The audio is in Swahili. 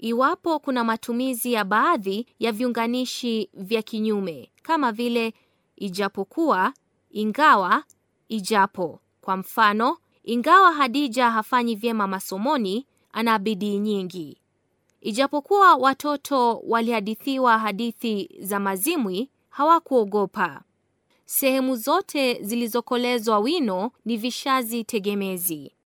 iwapo kuna matumizi ya baadhi ya viunganishi vya kinyume kama vile ijapokuwa, ingawa, ijapo. Kwa mfano, ingawa Hadija hafanyi vyema masomoni, ana bidii nyingi. Ijapokuwa watoto walihadithiwa hadithi za mazimwi, hawakuogopa. Sehemu zote zilizokolezwa wino ni vishazi tegemezi.